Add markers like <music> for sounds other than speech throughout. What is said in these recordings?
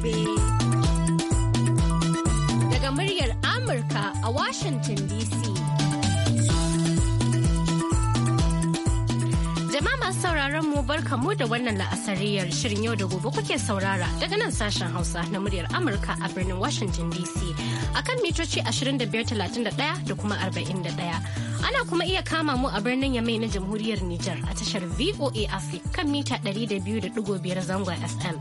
gobe. Daga muryar Amurka a Washington DC. Jama'a masu sauraron mu da wannan la'asariyar shirin yau da gobe kuke saurara daga nan sashen Hausa na muryar Amurka a birnin Washington DC akan mitoci 2531 da kuma 41. Ana kuma iya kama mu a birnin Yamai na Jamhuriyar Nijar a tashar VOA Africa kan mita 200.5 zangon S.M.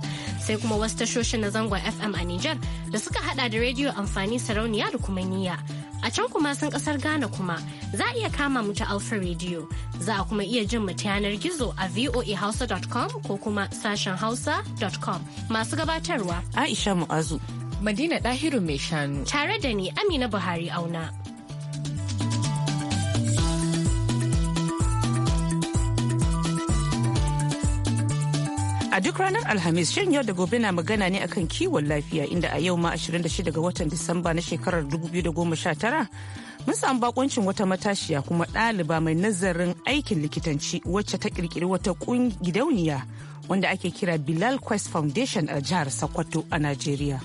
sai kuma wasu tashoshin na zangon FM a Nijar da suka hada da rediyo amfani sarauniya da kuma niyya. A can kuma sun kasar Ghana kuma za a iya kama mu ta Alpha Radio. Za a kuma iya jin mu ta yanar gizo a voahausa.com ko kuma sashen hausa.com. Masu gabatarwa. Aisha Mu'azu. Madina Dahiru mai shanu. Tare da ni Amina Buhari auna. A duk ranar Alhamis shirin yau da gobe na magana ne akan kiwon lafiya inda a yau ma 26 ga watan Disamba na shekarar 2019 mun samu bakoncin wata matashiya kuma ɗaliba mai nazarin aikin likitanci wacce ta kirkiri wata gidauniya wanda ake kira Bilal Quest Foundation a jihar Sokoto a Najeriya.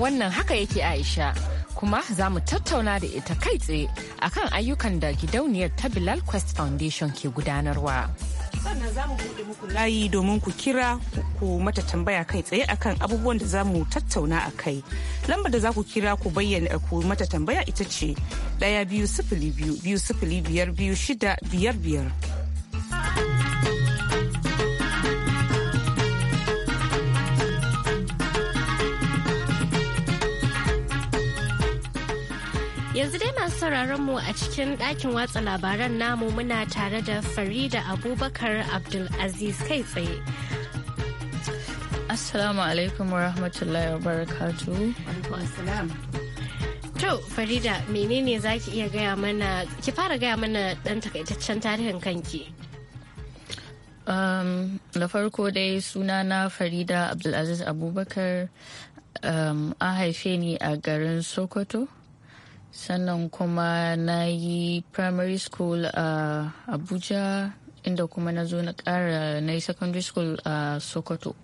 Wannan haka yake Aisha. kuma za mu tattauna da ita kai tsaye akan ayyukan da gidauniyar ta Bilal Quest Foundation ke gudanarwa. sannan za mu buɗe muku layi domin ku kira ku mata tambaya kai tsaye akan abubuwan da za mu tattauna a kai lambar da za ku kira ku bayyana ku mata tambaya ita ce ɗaya biyu sifili biyu biyu sifili biyar biyu shida biyar biyar Yanzu dai masu sauraron mu a cikin ɗakin watsa labaran namu muna tare da Farida Abubakar Abdulaziz kai tsaye. Assalamu alaikum wa rahmatullahi wa barakatu. To Farida menene za ki iya gaya mana ki fara gaya mana ɗan takaitaccen tarihin kanki. Um, da farko dai sunana Farida Abdulaziz Abubakar um, an haife ni a garin Sokoto. sannan kuma na yi primary school a uh, abuja inda kuma na zo na kara na yi secondary school a uh, sokoto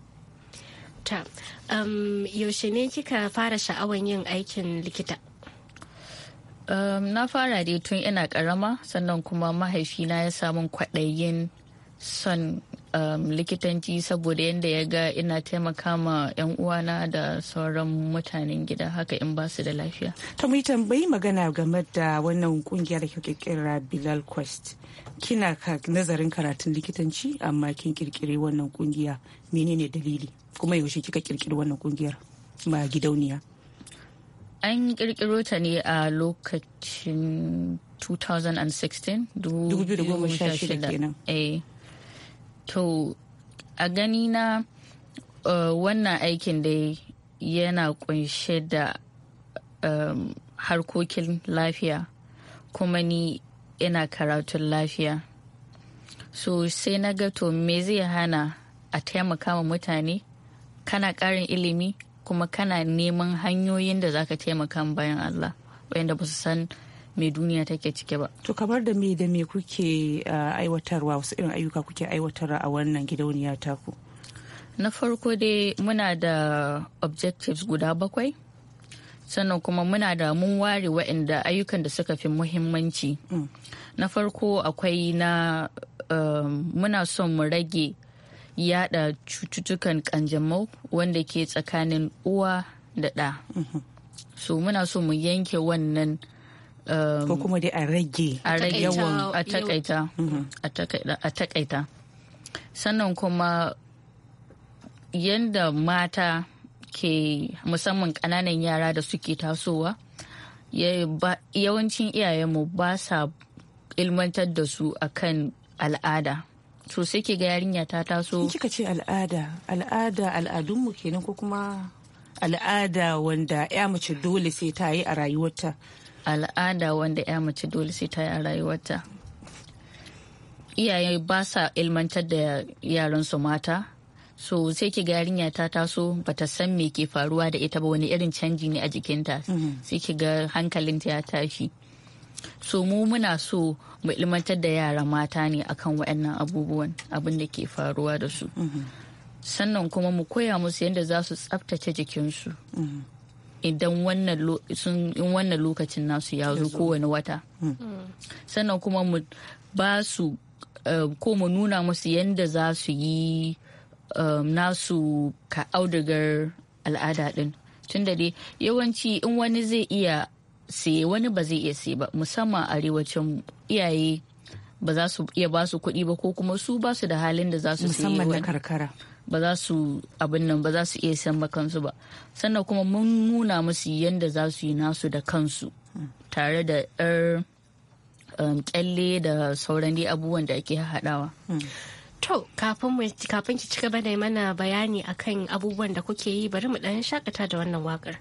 ta um, yaushe ne kika fara sha'awan yin aikin likita um, na fara dai tun ina karama sannan kuma mahaifina ya samun kwaɗayin son um, likitanci saboda yadda ya ga ina taimaka ma 'yan uwana da sauran mutanen gida haka in ba su da lafiya. Ta mu tambayi magana game da wannan kungiyar da kirkira Bilal Quest. Kina ka nazarin karatun likitanci amma kin kirkiri wannan kungiya menene dalili kuma yaushe kika kirkiri wannan kungiyar ma gidauniya? An kirkiro ta ne a lokacin 2016 2016 kenan. Eh. to a gani na uh, wannan aikin dai yana kunshe da um, harkokin lafiya kuma ni ina karatun lafiya so sai na ga to me zai hana a taimaka wa mutane kana karin ilimi kuma kana neman hanyoyin da zaka taimaka bayan Allah wayanda ba su san me duniya take cike ba to kamar da me da me kuke uh, aiwatarwa wasu irin ayyuka kuke aiwatarwa a wannan gidauniya taku na farko dai muna da objectives guda bakwai sannan kuma muna da mun ware waɗanda ayyukan da suka fi muhimmanci mm. na farko akwai na um, muna son mu rage yada cututtukan kanjamau wanda ke tsakanin uwa da ɗa mm-hmm. so muna so mu yanke wannan Um, ko kuma dai a rage a yawan mm-hmm. a takaita sannan kuma yadda mata ke musamman kananan yara da suke tasowa yawancin iyayenmu ba sa ilmantar da su akan al'ada to sai ke ga yarinya ta taso kika ce al'ada al'ada al'adunmu kenan ko kuma al'ada wanda ya mace dole sai ta yi a rayuwarta al'ada wanda ya mace dole sai ta yi a rayuwarta iyaye ba sa ilmantar da yaransu mata so sai ki ga yarinya ta taso bata san me ke faruwa da ita ba wani irin canji ne a jikinta mhm. sai ki ga hankalinta ya tashi so mu muna so mu ilmantar da yara mata ne akan waɗannan abubuwan abin da ke faruwa da su mhm. sannan kuma mu koya musu yadda za su tsaftace jikinsu mhm. idan wannan lokacin nasu ya zo kowane wata hmm. sannan kuma mu ba su eh, ko mu nuna musu yadda za su yi eh, nasu ka audigar al'ada din tun da dai yawanci in wani zai iya siye wani ba zai iya siye ba musamman arewacin iyaye ba za su iya ba su kuɗi ba ko kuma su ba su da halin da za su saye musamman na karkara ba za su abin nan ba za su iya san ba kansu ba sannan kuma mun nuna musu yadda za su yi nasu da kansu tare da yar kyalle um, da sauran dai abubuwan da ake haɗawa. Hmm. To, kafin ki ci gaba da mana bayani akan abubuwan da kuke yi bari mu ɗan shakata da wannan wakar.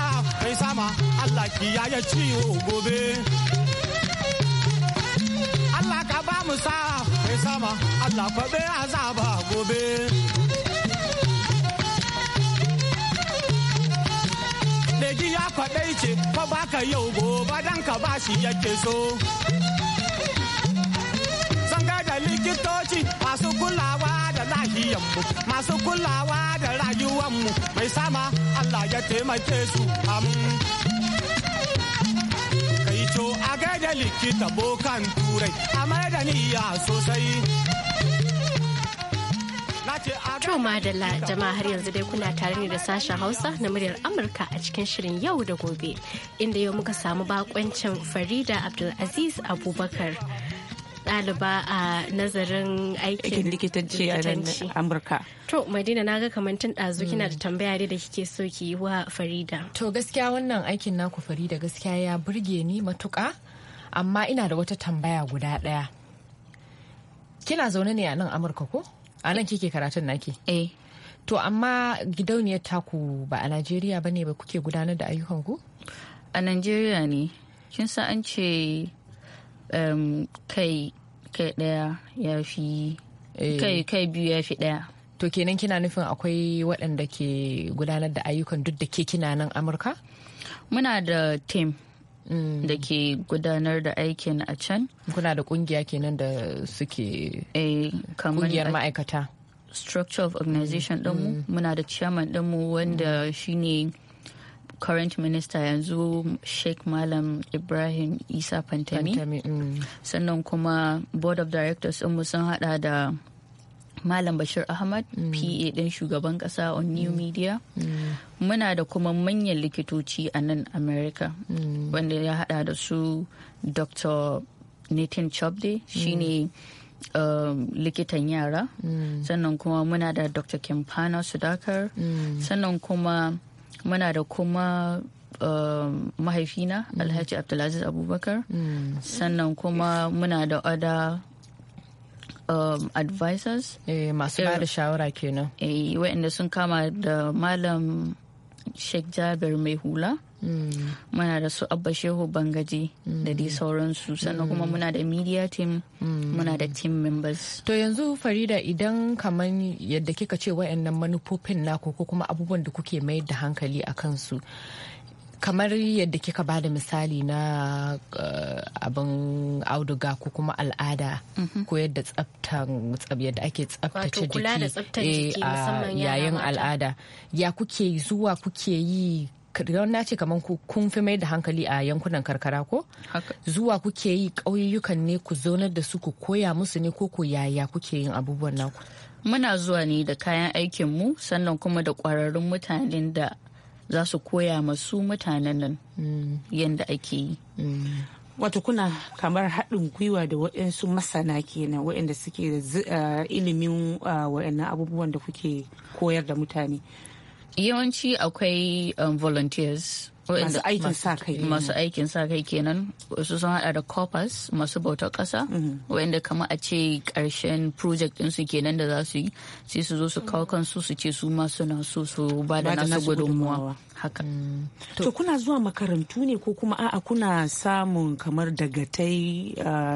dama Allah ya ciwo gobe Allah ka ba mu sa mai sama Allah be azaba gobe Leji ya kwaɗai ce fa baka yau gobe dan ka ba shi yake so Zanga da likitoci masu kulawa lahiyanmu masu kulawa da rayuwanmu mai sama Allah ya taimake su am. Kai to a gaida likita bokan turai a da niyya sosai. da madalla jama'a har yanzu dai kuna tare ne da sashen Hausa na muryar Amurka a cikin shirin yau da gobe inda yau muka samu bakoncin Farida Abdulaziz Abubakar. ɗaliba a nazarin aikin likitanci a nan amurka to madina na ga kamantin ɗazu kina da tambaya da kike so ki yi wa farida to gaskiya wannan aikin naku farida gaskiya ya burge ni matuƙa amma ina da wata tambaya guda ɗaya kina zaune ne a nan amurka ko a nan kike karatun naki eh to amma gidauniyar taku ba a najeriya ba ne ba kuke gudanar da ayyukan ku? a najeriya ne kin san an ce Um, kai kai daya ya fi eh. kai kai biyu ya fi daya to kenan kina nufin akwai waɗanda ke gudanar da ayyukan duk da ke kina nan amurka muna da team mm. da ke gudanar da aikin a can. Kuna da kungiya kenan da suke eh, kungiyar ma'aikata. Structure of organization mm. muna da chairman mu wanda mm. shine ne. current minister yanzu sheikh malam ibrahim isa pantami mm. sannan kuma board of directors mu sun hada da malam bashir ahmad mm. pa din shugaban kasa on new mm. media mm. muna da kuma manyan likitoci a nan america wanda ya hada da su dr nathan chobde shine Um, likitan yara mm. sannan kuma muna da dr kimpana sudakar mm. sannan kuma muna da kuma um, mahaifina mm. alhaji abdulaziz abubakar mm. sannan kuma muna da oda um, advisors. Eh, masu ba da shawara kenan. Eh, waɗanda sun kama da malam sheikh jabir mai hula mm. muna da su abba shehu bangaji da dai mm. sauransu sannan kuma mm. muna da media team muna da team members to yanzu farida idan kamar yadda kika ce waɗannan manufofin naku ko kuma abubuwan da kuke mayar da hankali a kansu kamar yadda kika bada misali na uh, abin auduga ko kuma al'ada mm -hmm. ko yadda tsaftan yadda ake tsaftace jiki eh, yayin al'ada ya kuke zuwa kuke yi don na ce kamar kun fi mai da hankali a yankunan karkara ko zuwa kuke yi ƙauyukan ne ku zaunar da su ku koya musu ne ko ku yaya kuke yin abubuwan naku muna zuwa ne da kayan aikinmu sannan kuma da kwararrun mutanen da za su koya masu mutanen nan yadda ake yi wato kuna kamar haɗin gwiwa da waɗansu masana kenan waɗanda suke da ilimin waɗannan abubuwan da kuke koyar da mutane yawanci akwai um, volunteers masu aikin sa kai eh. sa kai kenan wasu sun hada da corpus masu bautar kasa mm-hmm. wanda kama a ce karshen project din su kenan da za su yi sai su zo su kawo kansu su ce su ma suna so su ba da nasu gudunmuwa haka mm. to kuna zuwa makarantu ne ko kuma a'a kuna samun kamar dagatai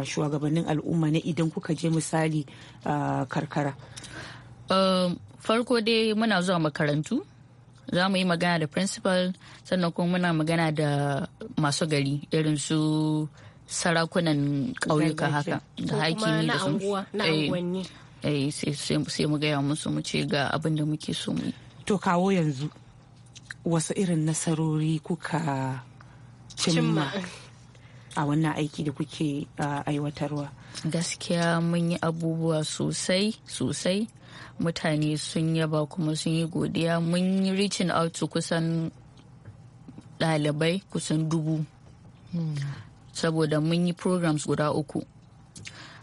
shugabannin al'umma ne idan kuka je misali karkara ehm, farko dai muna zuwa makarantu za mu yi magana da principal sannan kuma muna magana da masu gari irin su sarakunan ƙauyuka haka da ne da sun eh, eh, sai mu gaya musu mu ce ga abin da muke so mu to kawo yanzu wasu irin nasarori kuka cimma a wannan aiki da kuke ah, aiwatarwa gaskiya mun yi abubuwa sosai sosai mutane sun yaba kuma sun yi godiya mun yi reaching out to kusan ɗalibai kusan dubu hmm. saboda mun yi programs guda uku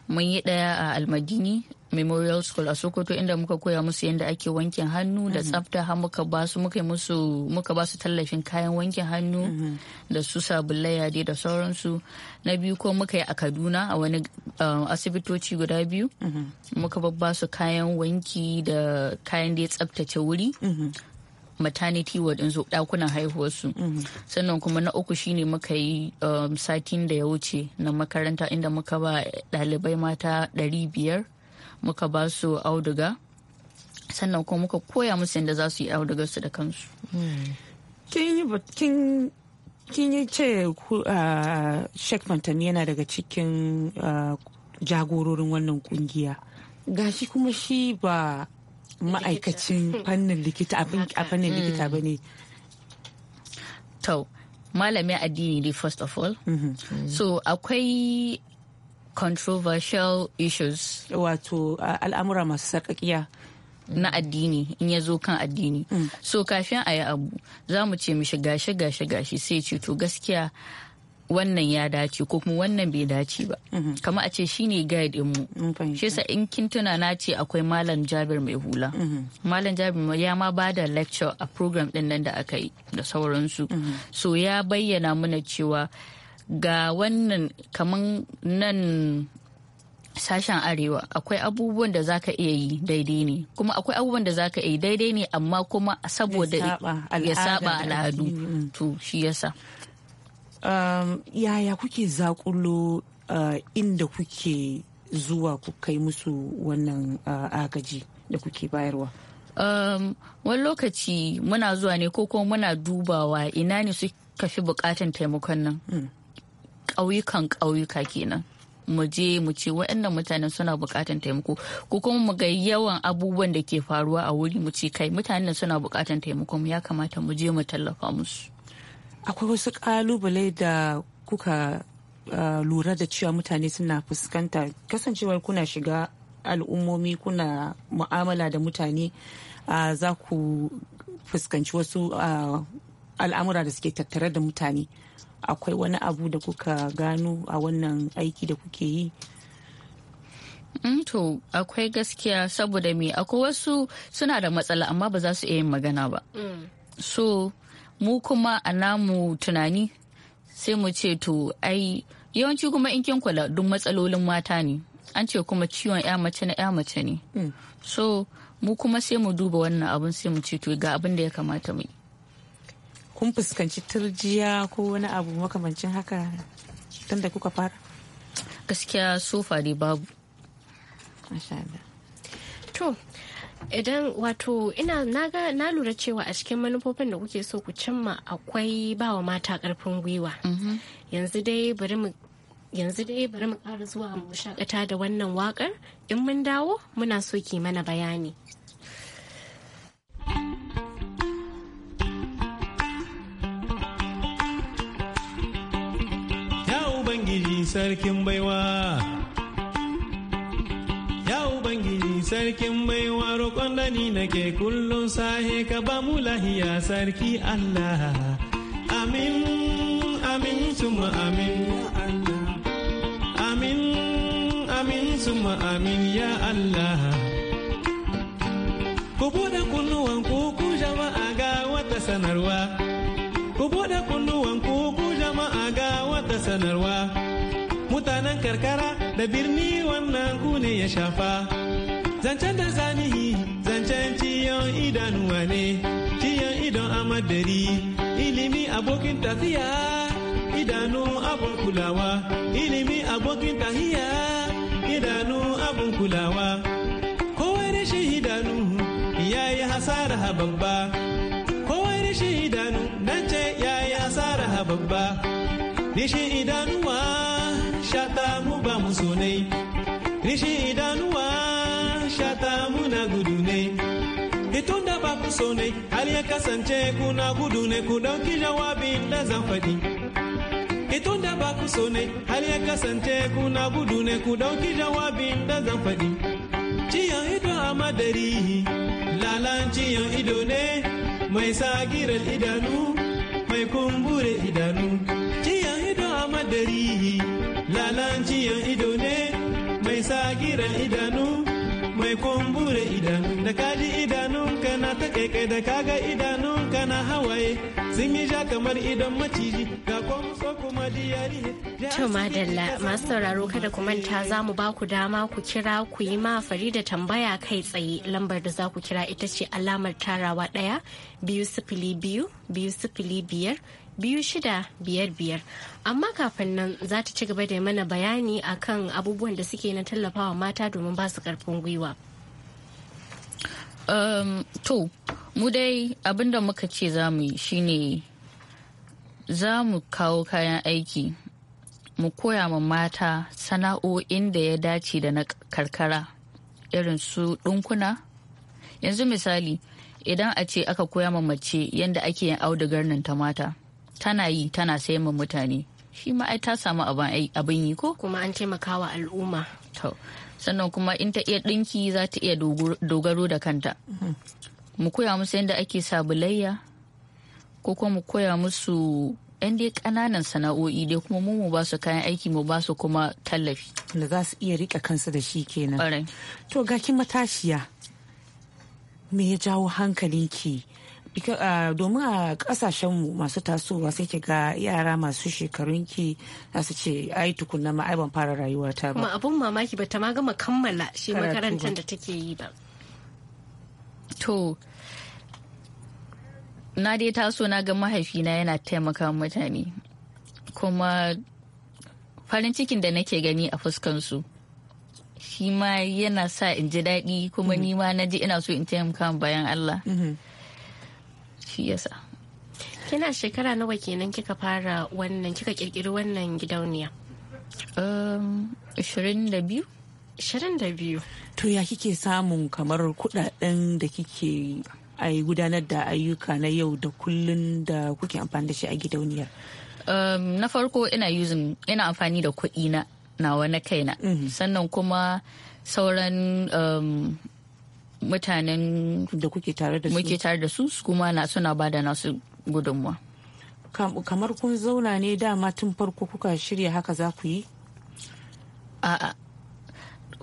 mun yi daya a almadini memorial school a sokoto inda muka koya musu yadda ake wankin hannu da mhm. tsafta har muka ba su muka musu muka ba su tallafin kayan wankin hannu mhm. da su sabulai yade da sauransu na biyu ko muka yi a kaduna a wani um, asibitoci guda biyu mhm. muka babba su kayan wanki da kayan da ya tsaftace wuri maternity ward din su dakunan haihuwarsu mhm. sannan kuma na uku shine muka yi um, satin da ya wuce na makaranta inda muka ba ɗalibai mata 500 muka ba su auduga sannan kuma muka koya musu yadda za su yi audugar su da kansu hmm. kin yi ce uh, shek fantami yana daga cikin uh, jagororin wannan kungiya gashi kuma shi ba ma'aikacin fannin likita a fannin likita mm. ba ne to malamin addini dai first of all mm-hmm. so akwai controversial issues wato al'amura masu sarkakiya na addini in ya zo kan addini mm. so kafin a yi abu za mu ce mishi gashi gashi gashi sai ce to gaskiya wannan ya dace ko kuma wannan bai dace ba mhm. kama a ce shine guide din mu shi yasa in kin tuna na ce akwai malam Jabir mai hula mhm. malam Jabir ya ma ba da lecture a program din nan da aka yi da sauransu mhm. so ya bayyana mana cewa ga wannan kaman nan sashen arewa akwai abubuwan da za ka iya yi daidai ne kuma akwai abubuwan da za ka iya daidai ne amma kuma saboda ya saba al'adu mm. to shi yasa Um, yaya kuke zakulo uh, inda kuke zuwa ku kai musu wannan uh, agaji da kuke bayarwa um, wani lokaci muna zuwa ne ko kuma muna dubawa ina ne suka fi bukatan taimakon nan hmm. ƙauyukan ƙauyuka kenan mu je mu ce waɗannan mutanen suna buƙatar taimako ko kuma mu ga yawan abubuwan da ke faruwa a wuri mu ce kai mutanen suna buƙatar taimako ya kamata mu je mu tallafa musu akwai wasu kalubale da kuka uh, lura da cewa mutane suna fuskanta kasancewar kuna shiga al'ummomi kuna mu'amala da mutane uh, za ku fuskanci wasu uh, al'amura da suke tattare da mutane akwai wani abu da kuka gano a wannan aiki da kuke yi mm, to akwai gaskiya saboda me akwai wasu suna da matsala amma ba za su iya yin magana ba mm. so mu kuma a namu tunani sai mu ce to ai yawanci kuma in kin kula duk matsalolin mata ne an ce kuma ciwon ya mace na ya mace ne hmm. so mu kuma sai mu duba wannan abun sai mu ce to ga abin da ya kamata mu yi kun fuskanci turjiya ko wani abu makamancin haka tun da kuka fara gaskiya sofa dai babu idan wato ina naga na lura cewa a cikin manufofin da kuke so ku cimma akwai bawa mata karfin gwiwa mhm. yanzu dai bari mu yanzu dai bari mu ƙara zuwa mu shakata da wannan waƙar in mun dawo muna so ki mana bayani ya ubangiji sarkin baiwa Sarkin baiwa roƙon da ni nake kullum sahe ka ba mu lahiya sarki Allah. Amin, amin, suma amin. Amin, amin, suma amin ya Allah. Ku buɗe kunnuwan ku ku jama'a ga wata sanarwa. Ku buɗe kunnuwan ku ku jama'a ga wata sanarwa. Mutanen karkara da birni wannan ku ne ya shafa. zancen da zanihi zancen ciyon idanuwa ne ciyon idon amadari ilimi abokin tafiya idanu abun kulawa ilimi abokin tahiya idanu abun kulawa kowai rashin idanu ya yi hasara hababba kowai rashin idanu nan ce ya yi hasara hababba rashin idanuwa shata mu ba mu sonai rashin idanuwa kuna gudu ne Itun da ba ku so ne hal ya kasance kuna gudu ne ku dauki jawabi da zan faɗi Itun da ba ku so ne hal ya kasance kuna gudu ne ku dauki jawabi da zan faɗi ciyan ido a madari lalan ciyan ido ne mai sagiral idanu mai kumbure idanu ciyan ido a madari lalan ciyan ido ne mai sagiral idanu mai kumbure idanu da kaji idanunka na ta kaikai da kaga idanunka na hawaye sun yi ja kamar idan maciji ga kwamso kuma diyari To madalla masu sauraro kada ku manta za mu ba ku dama ku kira ku yi ma Farida tambaya kai tsaye lambar da za ku kira ita ce alamar tarawa ɗaya biyu sifili biyu biyu sifili biyar biyu shida biyar biyar amma kafin nan za ta ci gaba da mana bayani akan abubuwan da suke na tallafawa mata domin ba su karfin gwiwa um, to mu dai abin da muka ce za mu yi shine za mu kawo kayan aiki mu koya ma mata sana'o'in da ya dace da na karkara irin su ɗunkuna yanzu misali idan a ce aka koya ma mace yadda ake yin audugar nan ta mata tana yi tana sayan mun mutane shi ma ai ta samu abin yi ko kuma an taimakawa al'umma to sannan kuma in ta iya ɗinki za ta iya dogaro da kanta mu koya musu yadda ake sabulayya ko kuma mu koya musu yan dai kananan sana'o'i dai kuma mu ba su kayan aiki mu ba su kuma tallafi da za su iya rike kansu da shi kenan to ga matashiya me ya jawo hankalinki domin a mu masu tasowa sai ki ga yara masu shekarun ki za su ce ai tukunna ma ai ban fara rayuwata ba. kuma abun mamaki ba ta ma gama kammala shi makarantar da take yi ba. To, na dai taso na ga mahaifina yana taimaka mutane kuma farin cikin da nake gani a fuskansu shi ma yana sa in ji daɗi kuma mm-hmm. ni ma na ji ina so in taimaka bayan Allah. Mm -hmm. shi yasa kina shekara nawa kenan kika fara wannan kika kirkiri wannan gidauniya um 22 22 to ya kike samun kamar kudaden da kike ai gudanar da ayyuka na yau da kullun da kuke amfani da shi a gidauniyar um, na farko ina using ina amfani da kuɗi na nawa na kaina mhm. sannan kuma sauran um, mutanen da kuke tare da su muke tare da su kuma na suna ba da nasu gudunmuwa kamar kun zauna ne dama tun farko kuka shirya haka za ku yi a'a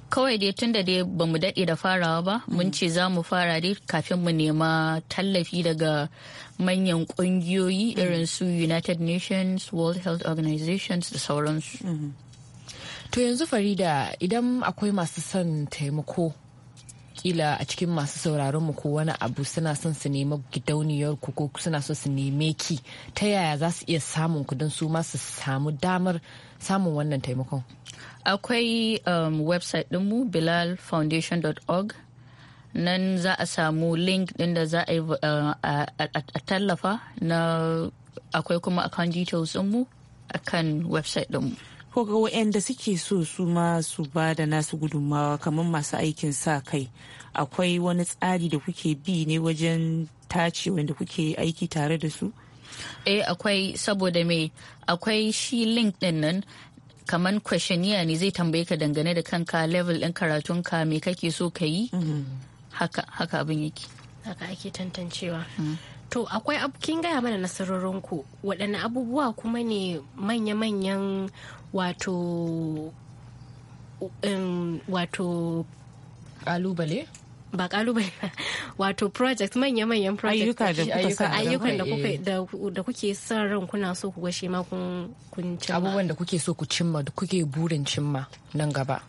kawai dai tun da dai ba mu daɗe da farawa ba mun mm. ce za mu fara dai kafin mu nema tallafi daga manyan ƙungiyoyi mm. irin su united nations world health organizations da sauransu mm-hmm. to yanzu farida idan akwai masu son taimako kila a cikin masu sauraron mu ko wani abu suna son su nemi gidauniyar ku ko suna son su neme ki ta yaya za su iya samun ku don su ma su samu damar samun wannan taimakon akwai um, website dinmu bilalfoundation.org nan za a samu link din da za uh, a tallafa na akwai kuma account details dinmu akan website dinmu ko ga waɗanda suke so su ma su ba da nasu gudunmawa kamar masu aikin sa kai akwai wani tsari da kuke bi ne wajen tace wanda kuke aiki tare da su eh akwai saboda me akwai shi link din nan kamar questionnaire ne zai tambaye ka dangane da kanka level ɗin karatunka me kake so ka yi mhm. haka haka abin yake haka ake tantancewa mm. To akwai abu kin gaya mana ku waɗanne abubuwa kuma ne manya-manyan wato um, wato kalubale ba kalubale wato project manya-manyan project ayyukan eh. da kuke son ran kuna so ku gashe ma kun cimma abubuwan da kuke so ku cimma da kuke burin cimma nan gaba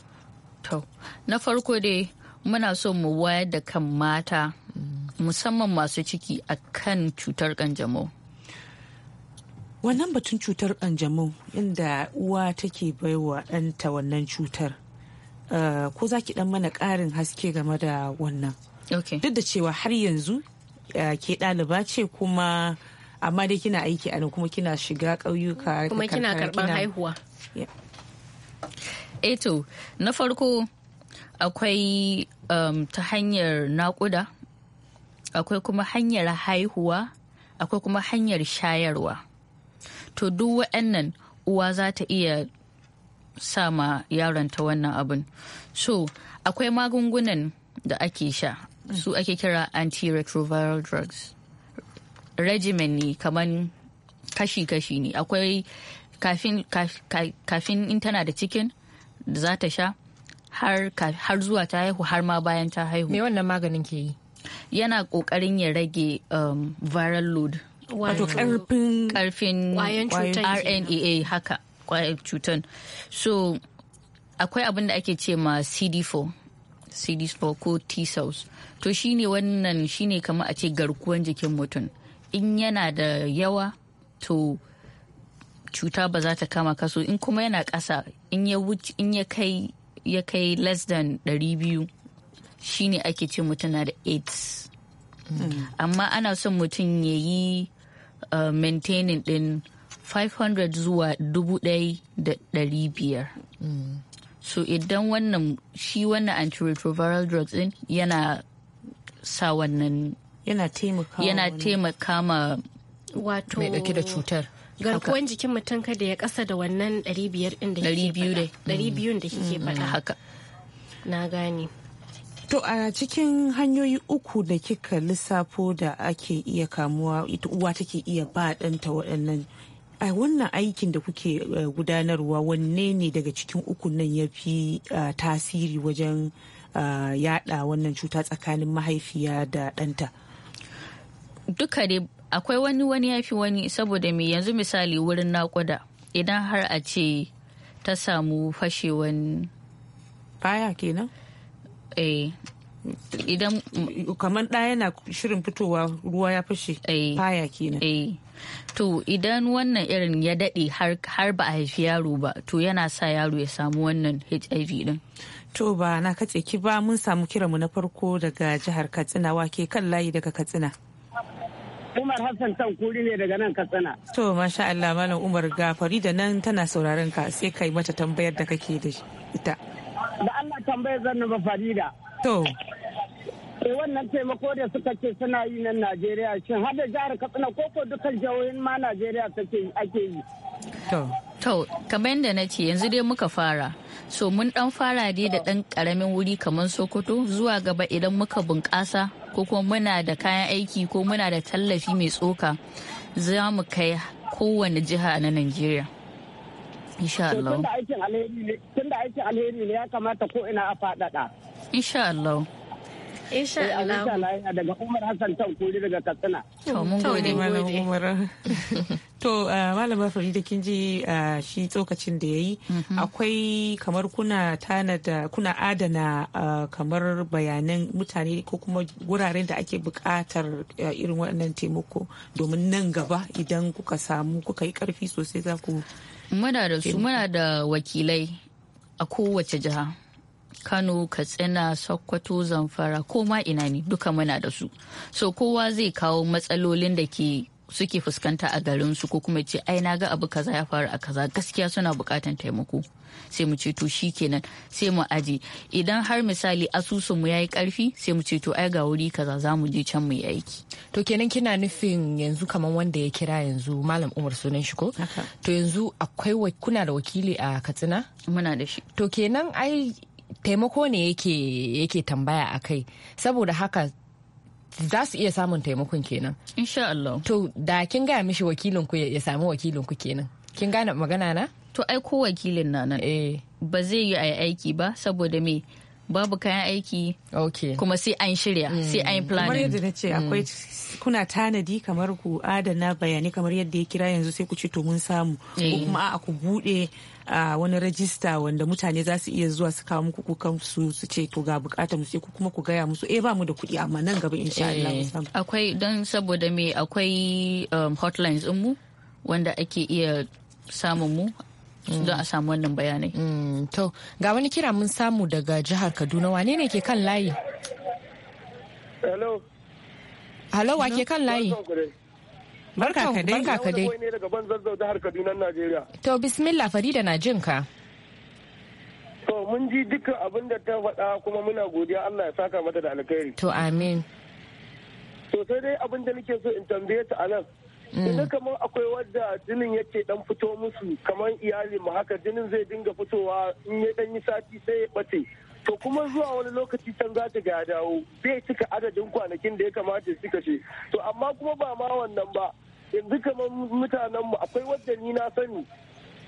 to na farko dai muna so mu wayar da kan mata mm. musamman masu ciki akan cutar kanjamau wannan batun cutar kanjamau inda uwa take baiwa ɗanta wannan cutar eh, ko za ki ɗan mana ƙarin haske game da wannan duk da cewa har yanzu eh, ke ɗaliba ce kuma amma dai kina aiki a nan kuma kina shiga ƙauyuka kuma kina karɓar haihuwa eto eh na farko akwai um, ta hanyar naƙuda akwai kuma hanyar haihuwa akwai kuma hanyar shayarwa to duk wa'annan uwa za ta iya sa ma ta wannan abin so akwai magungunan da ake sha su ake kira antiretroviral drugs regimen ne kamar kashi-kashi ne akwai kafin, in tana da cikin za ta sha har, zuwa ta haihu har ma bayan ta haihu me wannan maganin ke yi yana kokarin ya rage um, viral load wato karfin karfin rna haka kwayar cutan so akwai abin da ake ce ma cd4 cd4 ko t cells to shine wannan shine kama a ce garkuwan jikin mutum in yana da yawa to cuta ba za ta kama kaso in kuma yana ƙasa in ya kai ya kai less than 200 shine ake ce mutum na da aids mm. amma ana son mutum ya yi uh, maintaining din 500 zuwa 1,500 mm. so idan wannan shi wannan antiretroviral drugs din yana sa wannan yana taimaka yana taimaka ma wato mai dauke da cutar garkuwan jikin mutum kada ya kasa da wannan 500 din da kike faɗa mm. da kike mm. faɗa haka na gane To a cikin hanyoyi uku da kika lissafo da ake iya kamuwa ita uwa take iya ba ɗanta waɗannan a wannan aikin da kuke eh, gudanarwa wanne ne daga cikin uku nan ya fi tasiri wajen yada wannan cuta tsakanin mahaifiya da ɗanta? Duka dai akwai wani wani ya fi wani saboda me yanzu misali wurin nakuda idan har a ce ta samu fashewan baya kenan Eh, idan kamar ɗaya yana shirin fitowa ruwa ya fashe eh. faya kenan eh. to idan wannan irin ya daɗe har ba a haifi yaro ba to yana sa yaro ya samu wannan hiv din to ba na katse ki ba mun samu kiranmu na farko daga jihar katsina wake kan layi daga katsina Umar Hassan tan kuri ne daga nan Katsina. To masha Allah Malam Umar ga Farida nan tana sauraron ka sai kai mata tambayar da kake da ita. tambayar zan ba Farida. To. Eh wannan taimako da suka ce suna yi nan Najeriya shin har da jihar Katsina ko ko dukkan jihohin ma Najeriya take ake yi. To. To, kamar yadda na ce yanzu dai muka fara. So mun dan fara dai da dan karamin wuri kamar Sokoto zuwa gaba idan muka bunƙasa ko kuma muna da kayan aiki ko muna da tallafi mai tsoka za mu kai kowane jiha na Najeriya. Insha Allah. Tunda aikin alheri ne, tunda aikin alheri ne ya kamata ko ina a faɗaɗa. Insha Allah. Insha Allah. daga Umar Hassan daga Katsina. To mun gode malam Umar. <laughs> To uh, malama Farida kin ji uh, shi tsokacin da yayi mhm. akwai kamar kuna tanada kuna adana uh, kamar bayanan mutane ko kuma wuraren da ake buƙatar irin waɗannan taimako domin nan gaba idan kuka samu kuka yi ƙarfi sosai za ku muna da su muna da wakilai a kowace jiha kano katsina sokoto zamfara ko ma ina ne duka muna da su so kowa zai kawo matsalolin da ke suke fuskanta a garin su ko kuma ce ai na ga abu kaza ya faru a kaza gaskiya suna bukatan taimako sai mu ce to kenan sai mu aje idan har misali asusun mu yayi karfi sai mu ce to ai ga wuri kaza za mu je can mu yi aiki to kenan kina nufin yanzu kaman wanda ya kira yanzu malam Umar sunan shi ko to yanzu akwai kuna da wakili a Katsina muna da shi to kenan ai taimako ne yake yake tambaya akai saboda haka za su iya samun taimakon kenan insha Allah to da kin gaya mishi wakilin ku ya samu wakilin ku kenan kin gane magana na to ai wakilin na nan eh ba zai yi aiki ba saboda me babu kayan aiki okay. kuma sai an shirya mm. sai an planning kamar yadda na ce mm. akwai kuna tanadi kamar ku adana bayanai kamar yadda ya kira yanzu sai ku ci to mun samu ko eh. kuma a ku bude a wani rajista wanda mutane za su iya zuwa su kawo muku kukan su su ce to ga bukata mu sai ku kuma ku gaya musu eh ba mu da kuɗi amma nan gaba insha Allah eh. akwai don saboda me akwai um, hotlines mu wanda ake iya samun mu don a samu wannan bayanai. Mm, to ga wani kira mun samu daga jihar Kaduna wane ne ke kan layi? Hello. Hello wa ke kan layi? Barka ka dai. Barka ka dai. ne daga ban zazzau jihar Kaduna Najeriya. To bismillah Farida na jin ka. To mun ji duka abin da ta faɗa kuma muna godiya Allah ya saka mata da alkhairi. To amin. To sai dai abin da nake so in tambaye ta a nan. Mm. idan kamar akwai wadda jinin yake dan fito musu kamar iyali mu haka jinin zai dinga fitowa in ya dan yi sati sai ya bace. to kuma zuwa wani lokaci can za ta ga dawo zai cika adadin kwanakin da ya kamata su kashe to amma kuma ba ma wannan ba yanzu kamar mutanenmu akwai wadda ni na sani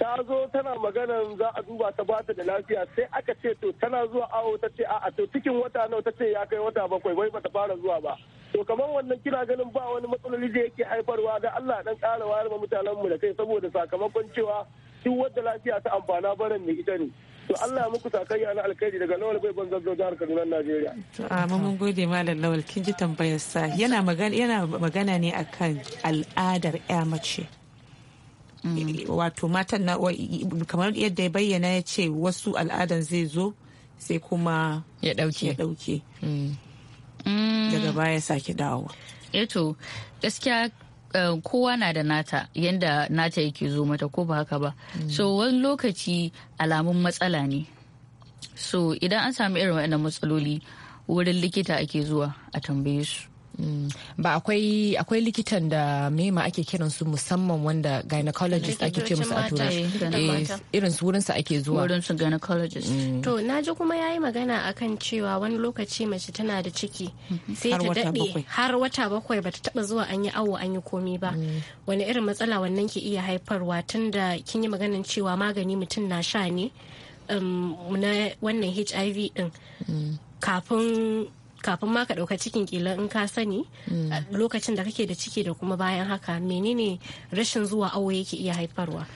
ta zo tana maganan za a duba ta bata da lafiya sai aka ce to tana zuwa awo ta ce a'a to cikin wata nawa ta ce ya kai wata bakwai bai bata fara zuwa ba to kamar wannan kina ganin ba wani matsaloli da yake haifarwa ga Allah dan kara wayar ma mutanen mu da kai saboda sakamakon cewa duk wadda lafiya ta amfana baran ne ita ne to Allah muku sakayya na alkhairi daga lawal bai ban zazzau jihar Kaduna Najeriya to amma mun gode malam lawal kin ji tambayar sa yana magana yana magana ne akan al'adar ƴa mace Mm. wato matan na kamar yadda ya bayyana ya ce wasu al'adan zai zo sai kuma ya dauke mm. daga mm. baya sake dawo eto eh gaskiya eh, kowa na da nata yadda nata yake zo mata ko ba haka ba so wani lokaci alamun matsala ne so idan an sami irin waɗannan matsaloli wurin likita ake zuwa a tambaye su Mm. ba akwai akwai likitan da mema ake kiran su musamman wanda gynecologist ake ce musu a turai eh, eh, irin su wurin su ake zuwa wurin su gynecologist mm. to naji kuma yayi magana akan cewa wani lokaci mace tana da ciki mm-hmm. sai ta dade har wata bakwai bata taba zuwa an yi awo an yi komi ba mm. wani irin matsala wannan ke iya haifarwa tunda kin yi maganan cewa magani mutum na sha ne um, na wannan HIV din kafin kafin ma ka ɗauka cikin kila in ka sani hmm. lokacin da kake da ciki da kuma bayan haka menene rashin zuwa awo yake iya haifarwa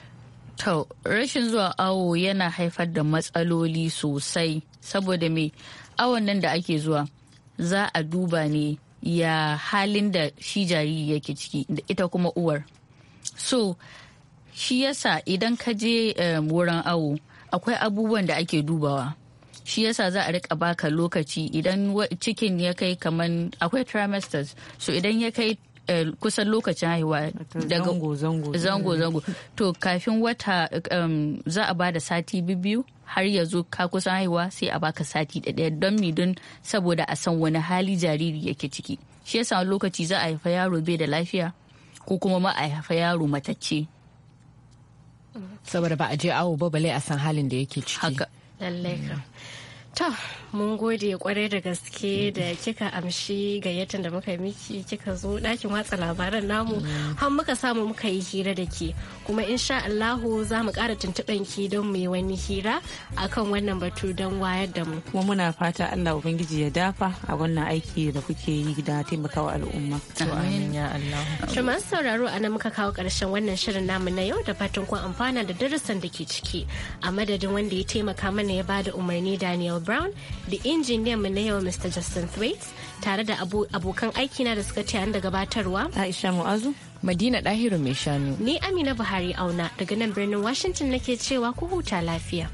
To, rashin zuwa awo yana haifar da matsaloli sosai saboda me awon nan da ake zuwa za a duba ne ya halin da shi jariri yake ciki da ita kuma uwar. So, shi yasa idan ka je wurin awo akwai abubuwan da ake dubawa. shi yasa za a rika baka lokaci idan cikin ya kai kaman akwai trimesters so idan ya kai eh, kusan lokacin haihuwa daga zango-zango to kafin wata um, za a bada sati biyu har ya zo ka kusan haihuwa sai a baka sati ɗaya don mi don saboda a san wani hali jariri yake ciki shi yasa lokaci za a haifa yaro bai da lafiya ko kuma ma a haifa yaro matacce saboda ba a je awo ba balai a san halin da yake ciki tough. mun gode kwarai da gaske da kika amshi gayyatar da muka miki kika zo dakin watsa labaran namu mm. har muka samu muka yi hira da ke kuma insha Allahu za mu kara tuntuɓan ki don mu yi wani hira akan wannan batu don wayar da mu. Kuma muna fata Allah Ubangiji ya dafa a wannan aiki da kuke yi da taimakawa al'umma. Amin ya Allah. sauraro a nan muka kawo karshen wannan shirin namu na yau da fatan kun amfana da darasin da ke ciki a madadin wanda ya taimaka mana ya bada umarni Daniel Brown da injiniyan mu na yau Mr. Justin Thwaites tare da abokan aikina da suka tayar da gabatarwa. Aisha Mu'azu. Madina Dahiru mai shanu. Ni Amina Buhari auna daga nan birnin Washington nake cewa ku huta lafiya.